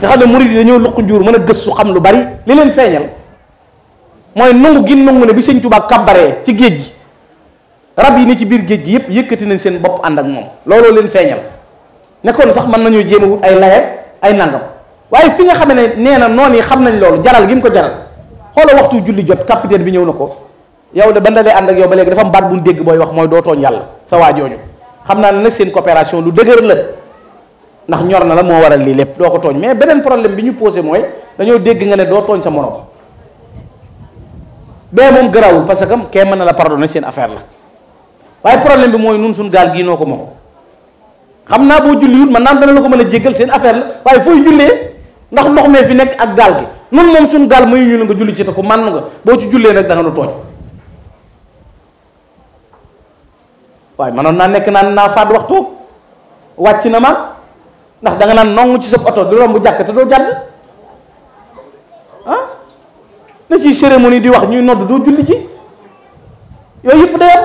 nga xam ne murid yi dañoo luq njuur mën a gëstu xam lu bari li leen feeñal mooy nangu gi nangu ne bi sëñ Tuubaa kàbbaree ci géej gi rab yi ni ci biir géej gi yëpp yëkkati nañ seen bopp ànd ak moom looloo leen feeñal nekkoon sax mën nañoo jéem a wut ay laye ay nangam waaye fi nga xam ne nee na noonu yi xam nañ loolu jaral gi mu ko jaral xoola waxtu julli jot capitaine bi ñëw na ko yow de ba ndalee ànd ak yow ba léegi dafa am baat bu dégg booy wax mooy doo tooñ sa waa jooju xam naa ne nag seen coopération lu dëgër la ndax ñor na la moo waral lii lépp doo ko tooñ mais beneen problème bi ñu posé mooy dañoo dégg nga ne doo tooñ sa morom bee moom garaawul parce que kee mën na la pardonner seen affaire la waaye problème bi mooy nun suñ gaal gii noo ko moom naa boo julliwul man naam la ko mën a jéggal seen affaire la waaye fooy jullee ndax ndox mee fi nekk ak gaal gi nun moom suñ gaal mayu ñu la nga julli ci te ko man nga boo ci jullee nag da nga nu tooñ waaye manoon naa nekk naan naa faat waxtu wàcc na ma ndax da nga nan nongu ci jaket dulu du rombu jakk te do jadd ah na ci cérémonie di wax ñuy nodd do julli ci yoy yep da yam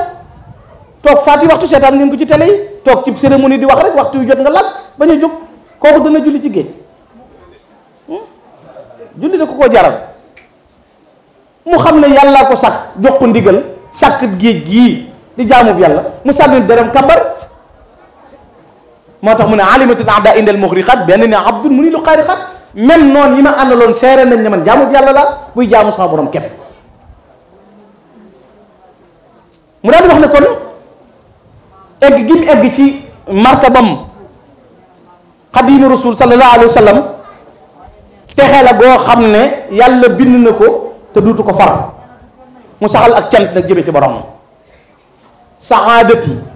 tok faati waxtu seetaan ngeen ko ci télé tok ci cérémonie di wax rek waxtu yu jot nga laaj bañ juk koku dana julli ci geej julli da ko ko jaral mu xamne yalla ko sak jox ndigal sak geej gi di jaamu yalla mu sabbi deram kabar motax mune alimatul aada indal mughriqat benn abdul munil qariqat ni non yima andalon sere yi nañ ne man jamu yàlla la buy jamu sama borom kep mu dal wax ne kon egg gi mu egg ci martabam qadim rasul sallallahu alaihi wasallam texela go xamne yàlla bind nako te dutu ko far mu saxal ak cant nak jëme ci borom sa'adati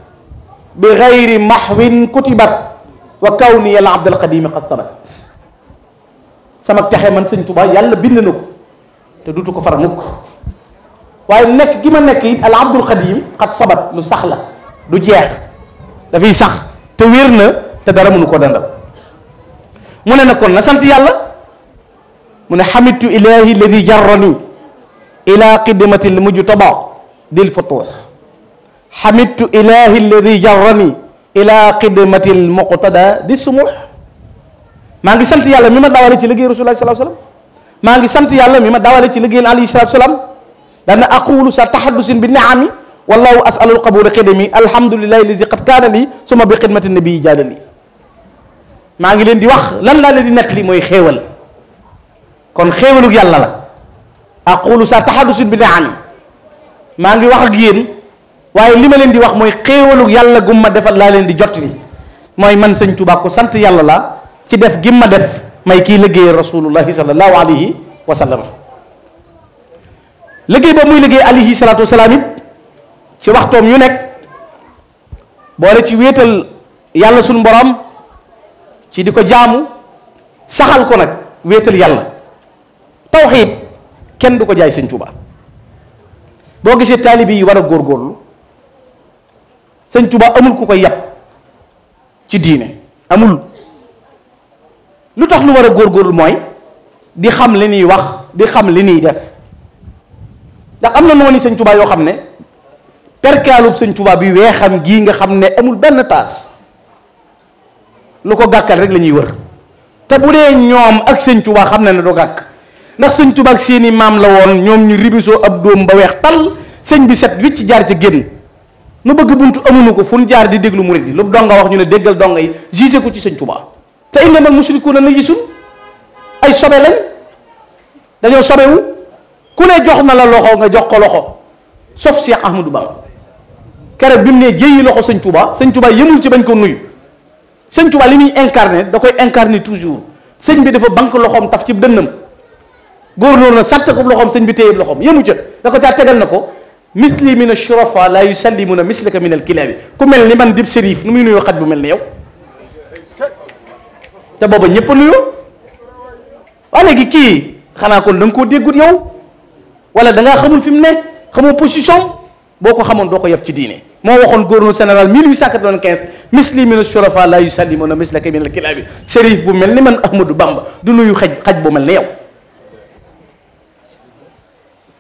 بغير محو كتبت وكوني يا عبد القديم قد ثبت sama texe man sëñ Touba yàlla bind na ko te dutu ko far mukk waaye nekk gi ma nekk it al abdul xadim xat sabat lu sax la du jeex dafay sax te wér na te dara mënu ko dandal mu ne na kon na sant yàlla mu ne xamitu ilahi alladi jarrani ila qidmatil mujtaba dil futuux حمدت إلهي الذي جرني إلى قدمة المقتدى di sumux maa ngi sant yàlla mi ma dawale ci liggéey rasulullah sallallahu alayhi wasallam maa ngi sant yàlla mi ma dawale ci liggéeyal alayhi salatu wasalam dana aqulu sa taxaddusin bi naami wallahu asalul qabula xidami alhamdulilahi lazi qad kaana li suma bi xidmati nabi jaadali maa ngi leen di wax lan laa leen di nekk li mooy xéewal kon xéewalug yàlla la aqulu sa taxaddusin bi naami maa ngi wax ak yéen waaye li ma leen di wax mooy xéewalu yàlla gum ma defal laa leen di jot li mooy man sañ Tuubaa ko sant yàlla la ci def gim ma def may kii liggéey rasulullahi sallallahu alayhi wa sallam liggéey ba muy liggéey alayhi salaatu wasalaam it ci waxtoom yu nekk boole ci wéetal yàlla suñu borom ci di ko jaamu saxal ko nag wéetal yàlla tawxiid kenn du ko jaay sëñ Tuubaa boo gisee taalibi yi war a góor góorlu sëñ Tuubaa amul ku koy yàpp ci diine amul lu tax lu war a góorgóorlu mooy di xam li ñuy wax di xam li ñuy def ndax am na noonu sëñ Tuubaa yoo xam ne perkaalub sëñ Tuubaa bi weexam gii nga xam ne amul benn taas lu ko gàkkal rek lañuy wër te bu dee ñoom ak sëñ Tuubaa xam na ne du gàkk ndax sëñ Tuubaa seeni maam la woon ñoom ñu ribisoo ab dóom ba weex tal sëñ bi set ci jaar ci génn nu bëgg buntu amuñu ko fu ñu jaar di déglu murid yi lu donga wax ñu ne déggal donga yi gisé ko ci sëñ Tuubaa te innamal mushrikuuna najisun ay sobe lañ dañoo sobewu ku ne jox na la loxo nga jox ko loxo sauf Cheikh Ahmadou Ba keroog bi mu ne jéeyi loxo sëñ Tuubaa sëñ Tuubaa yemul ci bañ ko nuyu sëñ Tuubaa li muy incarné da koy incarné toujours sëñ bi dafa banque loxoom taf ci dënnam góor noonu na sàtt ko loxoom sëñ bi téye loxoom yemu ca da ko caa tegal na ko misli min ashurafa la yusallimuna mislaka min alkilaabi ku mel ni man dib sérif nu muy nuyoo xaj bu mel ni yow te booba ñëpp nuyoo waa léegi kii xanaa kon da nga koo déggut yow wala da ngaa xamul fi mu nekk xamoo position boo ko xamoon doo ko yab ci diine moo waxoon gouverneur général 1895 misli min ashurafa la yusallimuna mislaka min alkilaabi sérif bu mel ni man Ahmadou Bamba du nuyu xaj xaj bu mel ni yow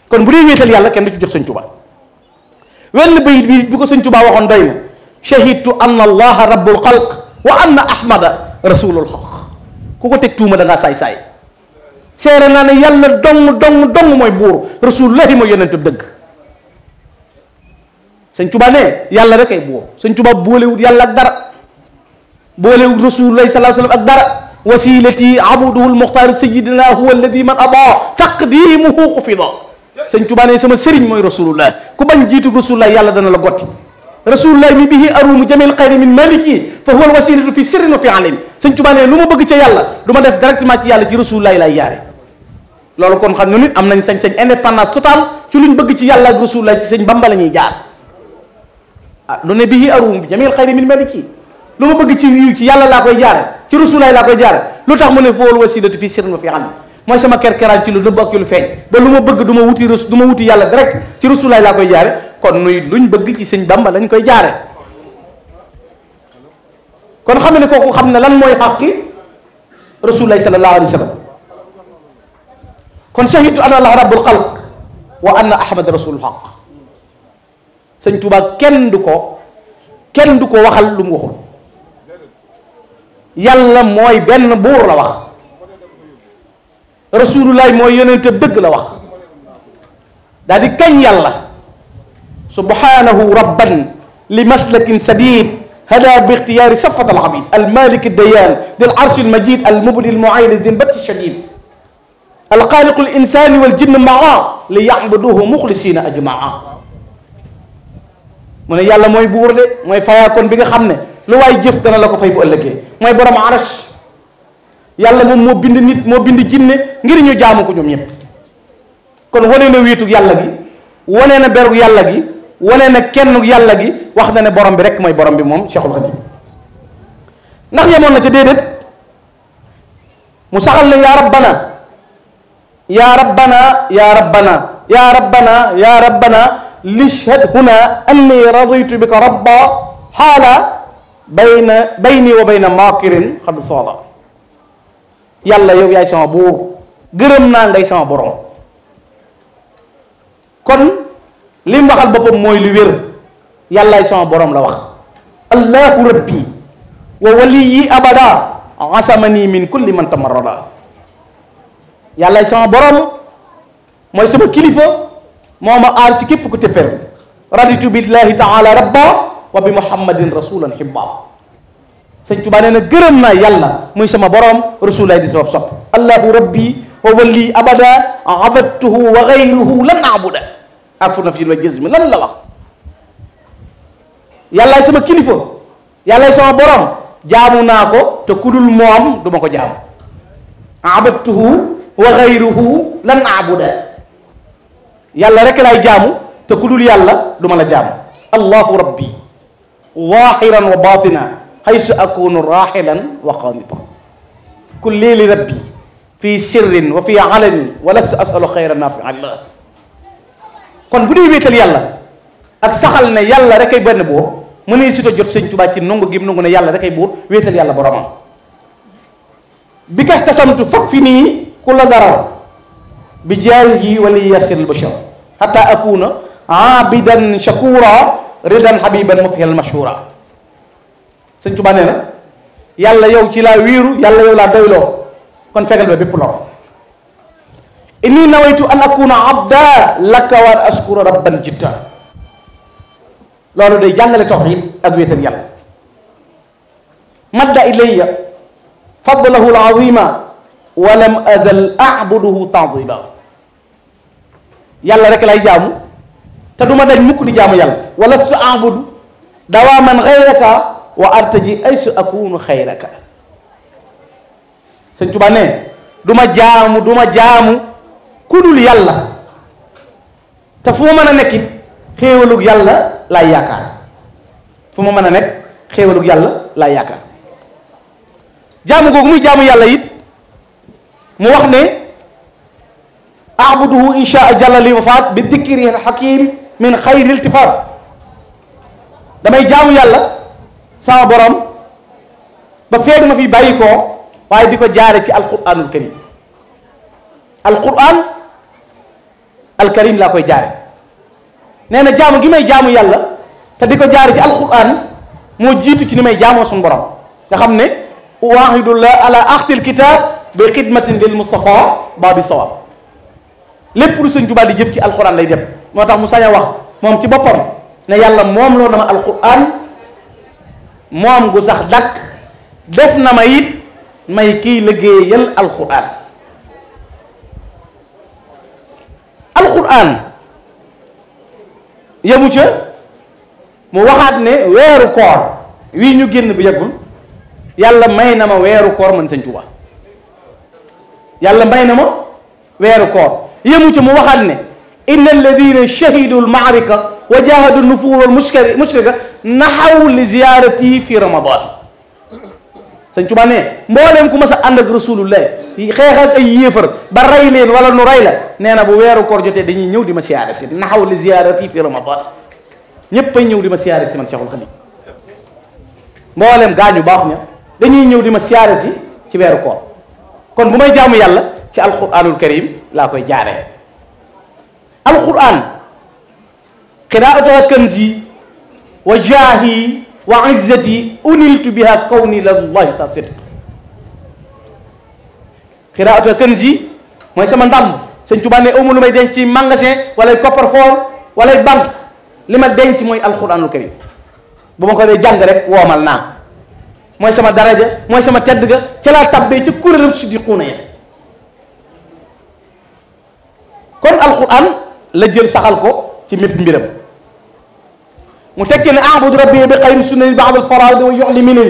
kon bu dee wéetal yàlla kenn du ci jox Sëñ Tuubaa wenn bayit bi bi ko sëñ Tuubaa waxoon doy na shahidtu anna allaha rabbul xalq wa anna ahmada rasulul xalq ku ko teg tuuma da ngaa saay-saay seere naa ne yàlla dong dong dong mooy buur rasulullahi mooy yonent bi dëgg sëñ Tuubaa ne yàlla rek ay buur sëñ Tuubaa boolewut yàlla ak dara boolewut rasulullahi sallallahu alayhi wasallam ak dara wasiilati abuduhu almuxtaar sayidina huwa alladi man adaa taqdimuhu xufida sëñ Tuubaa ne sama sëriñ mooy rasulullah ku bañ jiitu rasulullah yàlla dana la gotti rasulullah mi bihi arumu jamil xayri min maliki fa huwa al wasilatu fi sirrin wa fi alim sëñ Tuubaa ne lu ma bëgg yàlla du ma def directement ci yàlla ci rasulullah lay yaare loolu kon xam ñun nit am nañ sañ-sañ indépendance totale ci luñ bëgg ci yàlla ak rasulullah ci sëñ Bamba la ñuy jaar ah lu ne bihi arumu jamil xayri min maliki lu ma bëgg ci ci yàlla laa koy jaare ci rasulullah laa koy jaare lu tax mu ne fa huwa al wasilatu fi sirrin wa fi alim mooy sama kerkeraan ci lu dëbb ak ci lu feeñ ba lu ma bëgg du ma wuti rus du ma wuti yàlla direct ci rasulaay laa koy jaare kon nuy luñ bëgg ci sañ bamba lañ koy jaare kon xam ne kooku xam ne lan mooy xaqi rasulaay sallallahu alayhi wa sallam kon shahidu ana allah rabbul xalq wa anna ahmad rasulul xaq sëñ Tuubaa kenn du ko kenn du ko waxal lu mu waxul yàlla mooy benn buur la wax rasulullah mooy yonente dëgg la wax daal di kañ yàlla subhanahu rabban li maslakin sadid هذا باختيار صفة العبيد المالك الديان ذي العرش المجيد المبدي المعين ذي البت الشديد الخالق الإنسان والجن معا ليعبدوه مخلصين أجمعا mu ne yàlla mooy buur de mooy fayaakoon bi nga xam ne lu waay jëf dana la ko fay bu ëllëgee mooy borom arash yàlla mom mo bind nit mo bind jinne ngir ñu jaamu ko ñom ñep kon woné na wéetug yàlla gi woné na bergu yàlla gi woné na kenn yàlla gi wax na ne borom bi rek moy borom bi mom Cheikhul Khadim ndax yémon na ci dédét musaxal saxal ya rabbana ya rabbana ya rabbana ya rabbana ya rabbana lishhad huna anni raditu bika rabba hala bayna bayni wa bayna maakirin xad saada yàlla yow yaay sama buur gërëm naa ngay sama borom kon lim waxal boppam mooy lu wér yàllaay sama borom la wax allahu rabbi wa waliyi abada asamani min kulli man tamarrada yàllaay sama borom mooy sama kilifa moo ma aar ci képp ku téppéer raditu billahi taala rabba wa bi muhammadin rasulan hibba sëñ Tuubaa nee na yàlla muy sama borom rasulullaay di sabab sopp rabbi wa wali abada abadtuhu wa gayruhu lan abuda ak fur na fi wa jësmi lan la wax yàllaay sama kilifa yàllaay sama borom jaamu naa te ku dul moom ko jaamu abadtuhu wa gayruhu lan abuda yàlla rek laay jaamu te ku yàlla du ma la jaamu allahu rabbi zahiran wa حيث أكون راحلا وقانطا كل ليل ربي في سر وفي علن ولست أسأل خيرا نافعا الله kon bu ñuy wéetal yàlla ak saxal ne yàlla rek ay benn buur mu ne si jot sëñ Tuubaa ci nungu gim nungu ne yàlla rek ay buur wéetal yàlla boromam bi ka tasamtu foog fi nii ku la dara bi jaay yi wala yasir albashar hatta akuna aabidan shakura ridan habiban mufhil mashura sëñ Tuubaa neena yàlla yow ci la wiru yàlla yow la doylo kon fegal ba bépp lor inni nawaitu an akuna abda lak wa askura rabban jitta lolu day jàngale tawhid ak wetal yàlla madda ilayya fadlahu alazima wa lam azal abuduhu ta'dila yàlla rek lay jamu ta duma dañ mukk di jamu yàlla wala sa'budu abudu dawaaman وارتجي ايس اكون خيرك سن توبا ني دوما جامو دوما جامو كودول يالا تا فوما مانا نيك خيولوك يالا لا ياكار فوما مانا نيك خيولوك يالا لا ياكار جامو غوغ مي جامو يالا ييت مو واخ ني اعبده ان شاء جل لي وفات بالذكر الحكيم من خير التفات damay jaamu yalla sama borom ba feeg ma fi bàyyi koo waaye di ko jaare ci alquranul karim alquran alkarim laa koy jaare nee na jaamu gi may jaamu yàlla te di jaare ci alquran moo jiitu ci ni may jaamoo borom nga xam ne uwaahidullah ala axtil kitab bi xidmatin lil mustafa baabi sawab lépp lu sëñ Tuubaa di jëf ci alquran lay def moo tax mu wax moom ci boppam ne yàlla moom loo na alquran moom gu sax dakk def na ma it may kiy liggéeyal alquran alquran yemu ca mu waxaat ne weeru koor wii ñu génn bu yàggul yàlla may na ma weeru koor man sëñ Tuubaa yàlla may na ma weeru koor yemu ca mu waxaat ne inna alladina shahidu almaarika wa jahadu nufuur almushrika نحو لزيارتي في رمضان سنتو باني مولم كو مسا اند رسول الله في خيخال اي يفر با ريلين ولا نو ريلا نينا بو ويرو كور جوتي دي نييو ديما سيارسي نحو لزيارتي في رمضان نيب نييو ديما سيارسي من شيخ الخليل مولم غانيو باخنا دي نييو ديما سيارسي سي كور كون بوماي جامو يالا سي القران الكريم لا كوي جاري القران قراءته كنزي وجاهي وعزتي أنلت بها كوني لله تاسد قراءة كنزي ما يسمان دام سنتبان أمو لما يدينتي مانغسي ولا يكبر فول ولا يبان لما دينتي موي القرآن الكريم بما كده جانغ رك وعملنا ما يسمى درجة ما يسمى تدغة تلا تبيت كل رب صديقون يعني كون القرآن لجل سخالكو في ميت متكن اعبد ربي بغير سنن بعض الفرائض ويعلمني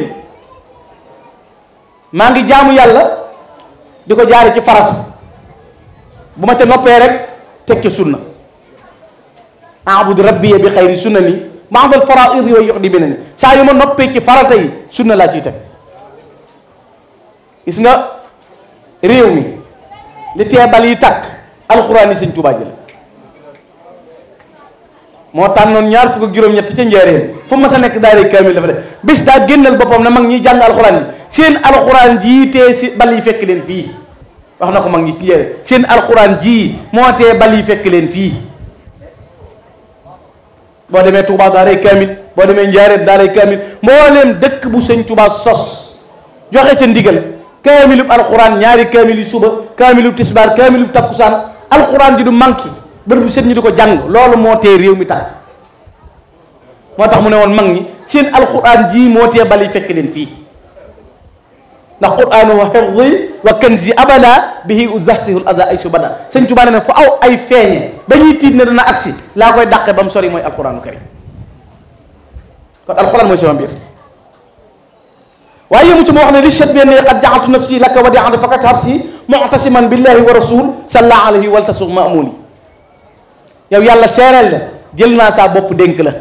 ماغي جامو يالا ديكو جاري سي فرات بوما تي نوبي رك تكي سنه اعبد ربي بغير سنن بعض الفرائض ويعلمني سا يما نوبي كي فراتاي سنه لا تي تك غيسنا ريومي لي تيبال يي تك القران سي توبا جي moo tànnoon ñaar fukk ak juróom-ñett ca njaareen fu ma sa nekk daara kaamil dafa de bés daa génnal boppam ne mag ñi jàng alxuraan yi seen alxuraan jii tee si bal yi fekk leen fii wax na ko mag ñi seen alxuraan jii moo tee bal yi fekk leen fii boo demee Touba daaray kaamil boo demee njaareen daaray kaamil leen dëkk bu seen Touba sos joxe ca ndigal kaamilub alxuraan ñaari kaamil yu suba kaamilub tisbaar kaamilub takkusaan alxuraan ji du manqué bërëb bu set ñu di ko jàng lool moo tee réew mi tax moo tax mu ne woon mag ñi seen alquran jii moo tee bali fekk leen fii ndax quraan wa xifdi wa kanzi abada bihi uzahsihul aza ay subada sëñ Tuubaa na fu aw ay feeñe ba ñuy tiit ne dana agsi laa daqe ba mu sori mooy alquraanu karim kon alquran mooy sama mbir waaye yemu ci moo wax ne li chet benn qad jaxaltu nafsi laka wadi'an fakashab si mu'tasiman billahi wa rasul sallallahu alayhi waltasuq yow yàlla seral la jël na sa bop dénk la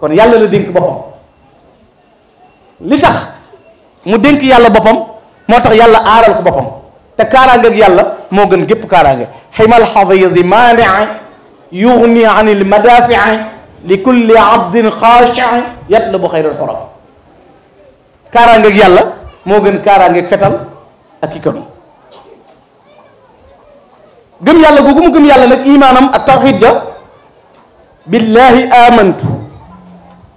kon yàlla la dénk bopam li tax mu dénk yàlla bopam motax yàlla aral ko bopam te karange ak yàlla mo gën gep karange himal xafiisi mani'a yughni an il madafii li kulli abdin khashi'a yatlubu al xuram karange ak yàlla mo gën karange ak fetal ak ikam gëm yàlla gogu mu gëm yàlla nak imanam at tawhid ja billahi amantu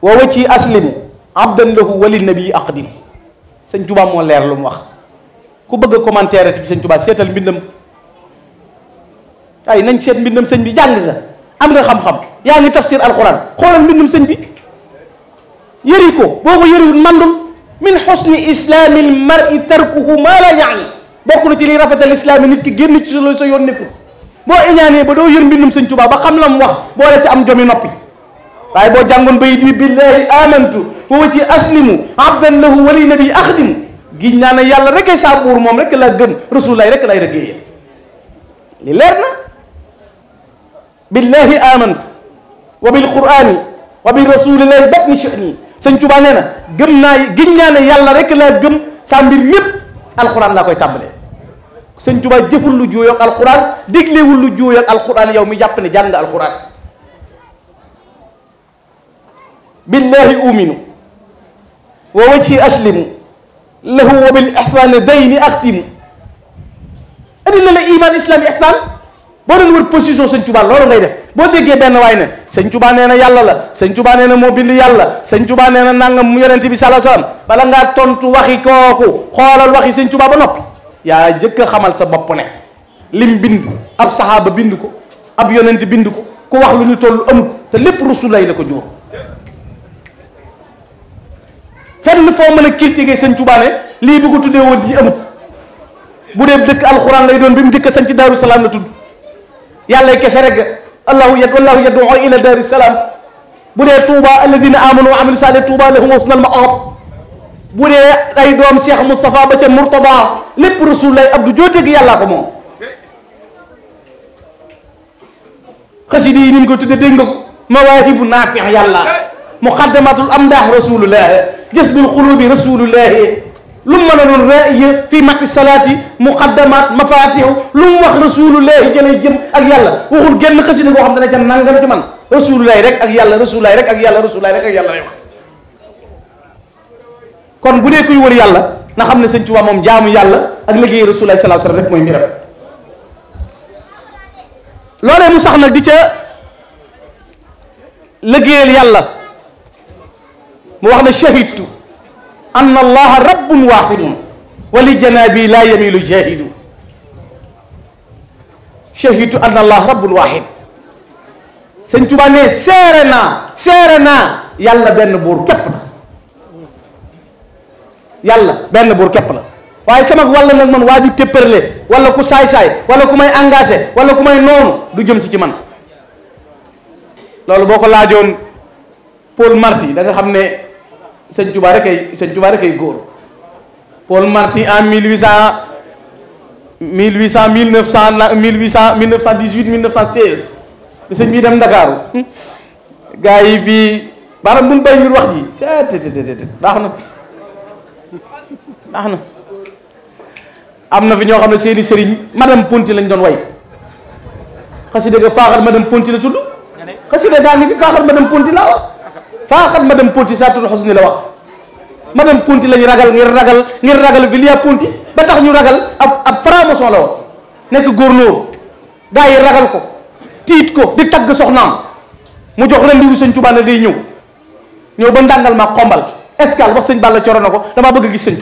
wa wati aslim abdan lahu wali nabi aqdim sëñ Tuubaa mo leer lu mu wax ku bëgg commentaire ci sëñ Tuubaa sétal bindam ay nañ sét bindam sëñ bi jàng nga am nga xam-xam ya nga tafsir alquran xolal bindam sëñ bi yëri ko boo ko mandul min xusni islaami l mari tarkuhu ma la yaani bokk na ci liy rafetal islaam yi nit ki génn ci solo sa yoon nekkul boo iñaanee ba doo yër mbindum sëñ Tuubaa ba xam la mu wax boole ci am jomi noppi waaye boo jàngoon bayit bi billahi amantu huwa ci aslimu abdan lahu wali nabi axdimu giñ naa ne yàlla rek ay saa buur moom rek laa gëm rasulaay rek lay rëggee li leer na billahi amantu wa bil qurani wa bi rasulillahi batni shani sëñ Tuubaa nee na gëm naa giñ naa ne yàlla rek laa gëm saa mbir yépp alquran laa koy tàmbalee sëñ Tuubaa jëful lu juuyoo ak alxuraan déglewul lu juuyoo ak yow mi jàpp ne jàng alxuraan billaahi uminu wa wajhi aslimu lahu wa bil ihsaan dayni axtimu andi la la iman ihsaan boo doon wër position sëñ Tuubaa ngay def boo déggee benn waay ne sëñ Tuubaa na yàlla la sëñ Tuubaa na moo bind yàlla sëñ Tuubaa na nangam yonent bi sallallahu alayhi wasallam bala ngaa tontu waxi kooku xoolal waxi sëñ Tuubaa ba noppi يا جيك خمال سا بوب نه لم بيند اب صحابه بيند كو اب يوننتي بيند كو كو واخ لوني تول امكو ت ليپ رسول الله لاكو جور فن فو مانا كيتيغي سن توبا نه لي بوغو تودي وول دي امو بودي دك القران لي دون بيم ديك سن تي دار السلام لا تود يالله كسي رك الله يد الله يدعو الى دار السلام بودي توبا الذين امنوا وعملوا الصالحات توبا لهم وصل المآب bu dee ay doom Cheikh Moustapha ba ca Mourtada lépp rasul lay Abdou joo dégg yàllaa ko moom xasida yi ni mu ko tudde dégg nga ko mawaahibu naafi yàlla muqaddamatul amdaax rasulullah jasbul xulubi rasulullah lu mu mën a doon raiya fii matti salaati muqaddamat mafatixu lu mu wax rasulullah jëlee jëm ak yàlla waxul génn xasida goo xam ne dana ca nangam ci man rasulullah rek ak yàlla rasulullah rek ak yàlla rasulullah rek ak yàlla lay wax kon bu ne kuy wër yàlla na xamne seigne touba mom jaamu yàlla ak liggéey Rasulullah sallallahu alayhi wasallam rek moy miram lolé mu sax nak di ca liggéeyal yàlla mu wax na shahidtu an allah rabbun wahidun wa li janabi la yamilu jahidu shahidtu an allah rabbun wahid seigne touba ne serena serena yàlla ben bour kep na yàlla benn buur képp la waaye sama wàll nag man waa ju tépparle wala ku saay-saay wala ku may engagé wala ku may noonu du jëm si ci man loolu boo ko laajoon Paul Marty da nga xam ne sëñ Touba rek ay sëñ Touba rek ay góor Paul Marty en 1800 1800 1900 la 1800 1918 1916 bi sëñ bii dem Ndakaaru gars yi fii baaraam bu ñu béy ñu wax ji c'est baax na. baax amna am na fi seri Madam Punti seeni sëriñ madame Ponti lañ doon way xasida ga faaxat madame Ponti la tudd xasida daa ngi fi faaxat madame Ponti laa wax Punti madame Ponti saa tudd xos Punti, la wax madame Ponti lañ ragal ngir ragal ngir ragal bi lia Ponti ba tax ñu ragal ab ab franc-maçon la woon nekk góornóor daa yi ragal ko tiit ko di tagg soxnaam mu jox ren diwu sëñ Tuubaa na day ñëw ñëw ba ma kombal escale wax sëñ Balla coro nako ko bëgg gis sëñ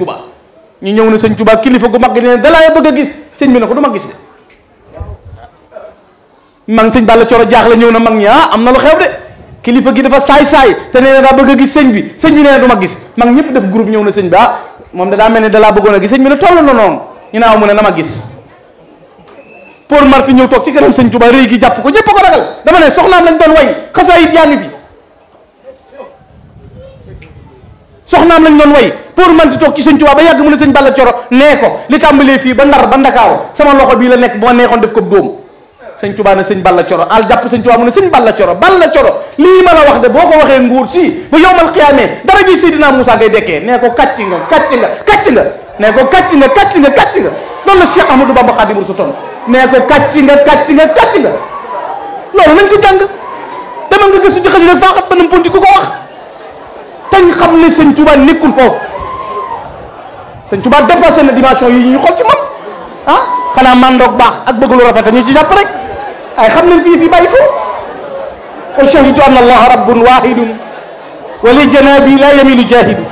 ñu ñew na señtu ba kilifa gu mag gi ne dalaa ya bëgg gis señ bi ne ko du ma gis de señ sëñ Balla jaax la ñew na mag ñi ah, amna lu xew de kilifa gi dafa say say te neena da bëgg gis señ bi señ bi neena na du ma gis mag ñepp def groupe ñew na señ ba ah, mom moom da melni da la bëggo na gis señ bi na tollu na ñu naaw ah, mu ne na gis pour marti ñew tok ci kanam sëñ Tuubaa reey gi japp ko ñepp ko ragal dama ne soxnaam lañ doon way xasaa it yaa soxnaam lañ doon way pour man ci tok ci señ tuba ba yag mu ne señ Balla Coro ne ko li tàmbalee fi ba ndar ba ndakaaw sama loxo bi la nek bo neexon def ko dóom señ tuba ne señ Balla Coro al japp señ tuba mu ne señ Balla Coro Balla Coro li ma la wax de boko waxe nguur ci bu yowmal qiyamé dara ji Seydina musa ngay dekké ne ko kàcc nga kàcc nga kàcc nga ne ko kàcc nga kàcc nga kàcc nga non la Cheikh amadou Bamba Xaadimu Rasuul ton ko kàcc nga kàcc nga kàcc nga lolou nañ ko jang dama nga gëssu ci faqat banam ku ko wax tañ xam ne sëñ Touba nekkul foofu sëñ Touba dépassé na dimension yi ñu xool ci moom ah xanaa mandoog baax ak bëgg lu rafet ñu ci jàpp rek ay xam leen fii fi bàyyi ko qul shahidu an allaha rabbun wahidun wa li janabi la yamilu jahidu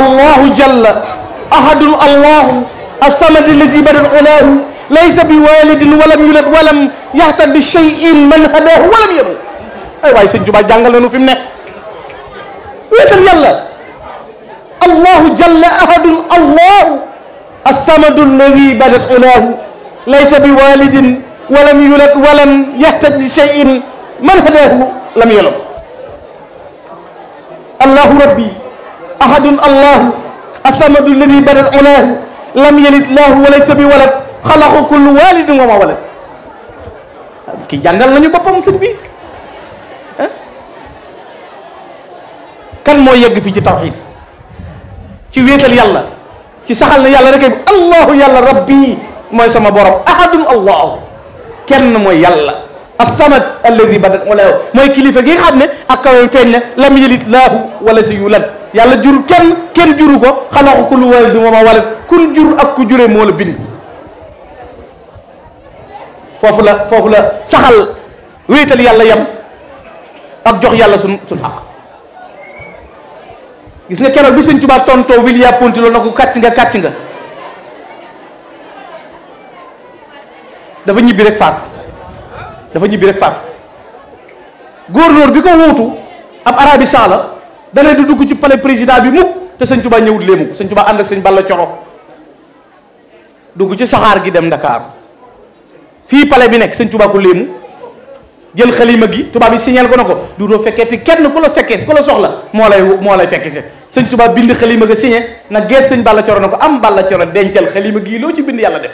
allahu jalla ahadun allahu الصمد الذي بدل علاه ليس بوالد ولم يولد ولم يهتد بشيء من هداه ولم يموت ايوا سيدنا جانغال نو فيم نيك ويتر يلا الله جل أحد الله السمد الذي بدت أولاه ليس بوالد ولم يلد ولم يهتد لشيء من هداه لم يلد الله ربي أحد الله السمد الذي بدت أولاه لم يلد له وليس بولد خلق كل والد وما ولد كي جاندال نانيو بوبام سيدي كان مو يجي في التوحيد تي ويتال يالا تي ساخال نا يالا ركاي الله يالا ربي موي سما بوروب احد الله كين مو يالا الصمد الذي بدا ولا موي كليفه كي خامني اكاو فين لم يلد له ولا سيولد يالا جور كين كين جورو كو خلق كل والد وما والد كل جور اكو جوري مولا بين فوفلا فوفلا ساخال ويتال يالا يم اك جوخ يالا سن سن حق gis nga keroog bi sëñ Tuubaa tontoo wil yàppunti loolu na ko kàcc nga kàcc nga dafa ñibbi rek faatu dafa ñibbi rek faatu góornóor bi ko wuutu ab arabi saala dalee di dugg ci pale président bi mukk te sëñ Tuubaa ñëwut léemu ko sëñ Tuubaa ànd ak sëñ Balla Coro dugg ci saxaar gi dem Ndakaaru fii pale bi nekk sëñ Tuubaa ko léemu jël xalima gi tuba bi signal ko nako du do fekete kenn ko lo fekke ko lo soxla mo lay mo lay fekke si seigne tuba bind xalima ga signé na gess seigne Balla cioro nako am Balla cioro dencel xalima gi lo ci bind yàlla def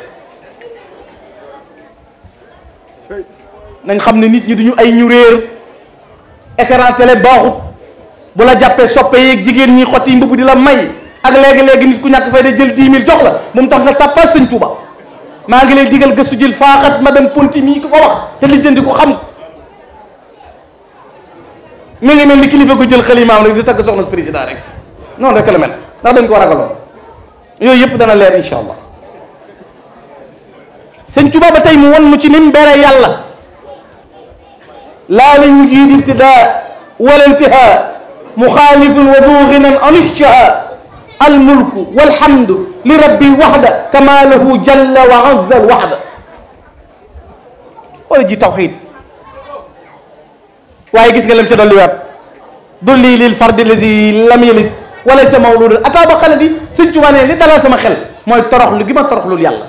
nañ xamné nit ñi duñu ay ñu réer écran télé baxut bu la jappé soppe yi jigen ñi xoti mbubb di la may ak légui légui nit ku ñak fay da jël 10000 jox la moom tax nga tapal seigne tuba ma ngi lay digal gëstu jël faaxat ma dem ponti mi ko wax te li jënd ko xam mi ngi mel ni kilifa ko jël xalimaam rek di tagg soxna si président rek noonu rek la mel ndax dañ ko ragaloon yooyu yëpp dana leer incha allah sëñ Tuba ba tey mu won mu ci nim bere yàlla laa la yu jiid ibtidaa wala intihaa muxaalifun wa duuxinan anishaha almulku walhamdu li rabbi waxda kama lahu jalla wa azza alwaxda wala ji tawxid waaye gis nga lam ca dolli waat dulli lil fardi lazi lam yalid wala sa mawludun ataaba xale bi sëñ Tuubaa ne li dalal sama xel mooy toroxlu gi ma toroxlul yàlla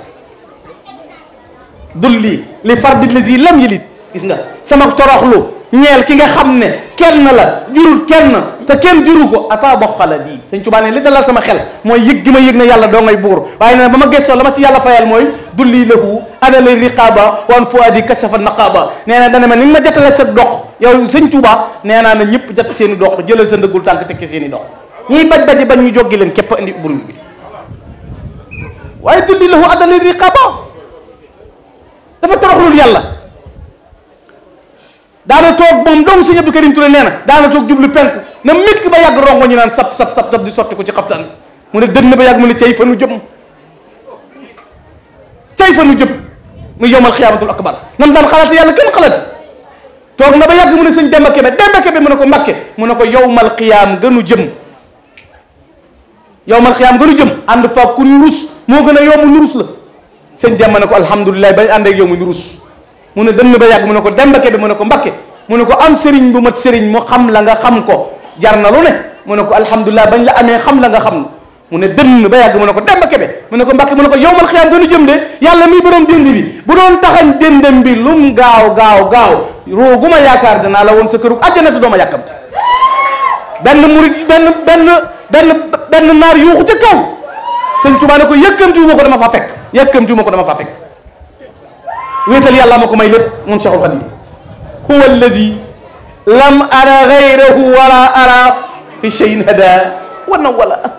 dulli li fardi lazi lam yalid gis nga sama toroxlu ñeel ki nga xam ne kenn la jurul kenn te kenn juru ko ataaba xale bi sëñ Tuubaa ne li dalal sama xel mooy yëg gi ma yëg ne yàlla doo ngay buur waaye nee na ba ma gëstoo la ma ci yàlla fayal mooy dulli lahu adala riqaaba wan fuadi kasafa naqaaba nee na dana ma ni nga ma jotale sa dox yow sëñ Touba nee naa na ñëpp jat seen i dox jëlal sa ndëggul tànk tekki seen i dox ñuy baj baji bañ ñu joggi leen képp indi buru bi waaye tulli lahu adali riqaba dafa toroxlul yàlla daana toog moom dong sëñ Abdou Karim Touré nee na daana toog jublu penk na mikk ba yàgg rongo ñu naan sab sab sab sab di sotti ko ci xaftaan mu ne dënn ba yàgg mu ne cay fa nu jëm cay fa nu jëm mu yowmal xiyaamatul akbar nam daan xalaat yàlla kenn xalaat tok na ba yag mu ne seigne Demba be Demba be mu ne ko Mbakke mu ne ko yowmal xiyaam gënu jëm yawmal qiyam gënu jëm ànd fa ku ñu rus moo gën a ñu rus la seigne dem ne ko alhamdulilah bañ ànd ak yow mu ñu rus mu ne dënn ba yag mu ne ko Demba Kebe mu ne ko Mbakke mu ne ko am sëriñ bu mat sëriñ mu xam la nga xam ko jar na lu ne mu ne ko alhamdulilah bañ la amé xam la nga xam mune ne dënn ba yag mu ne ko Demba Kebe mu ne ko Mbàkke mu ne ko yowmal mal do gënu jëm de yàlla mi borom dénd bi bu doon taxañ dëndëm bi lum gaaw gaaw gaaw roo gu ma yaakaar la woon sa këru aljana do doo ma yàkkamti benn murit ben ben ben benn naar yuuxu ca kaw sëñ Tuubaa ne ko yëkkamti wu ma ko dama fa fekk yëkkamti wu ma ko dama fa fekk wétal yàlla mako may lépp moom Cheikhul Khadim huwa allazi lam ara ghayrahu wala ara fi shay'in hada wa wala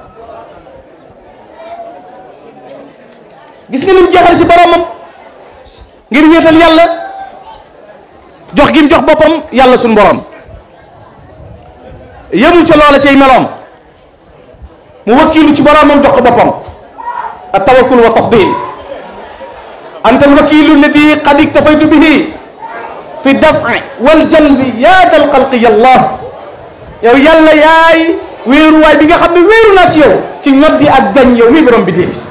gis nga lim jeexal ci boromam ngir wéetal yàlla jox gim jox boppam yàlla suñ borom yemul ca loola cay meloom mu wakkiilu ci boromam jox ko boppam a tawakkul wa tafdil anta alwakilu alladi qad iktafaytu bihi fi dafi wal jalbi yaa dal xalqi yallah yow yàlla yaay wéeruwaay bi nga xam ne wéeru naa ci yow ci ñoddi ak gañ yow mi borom bi déebi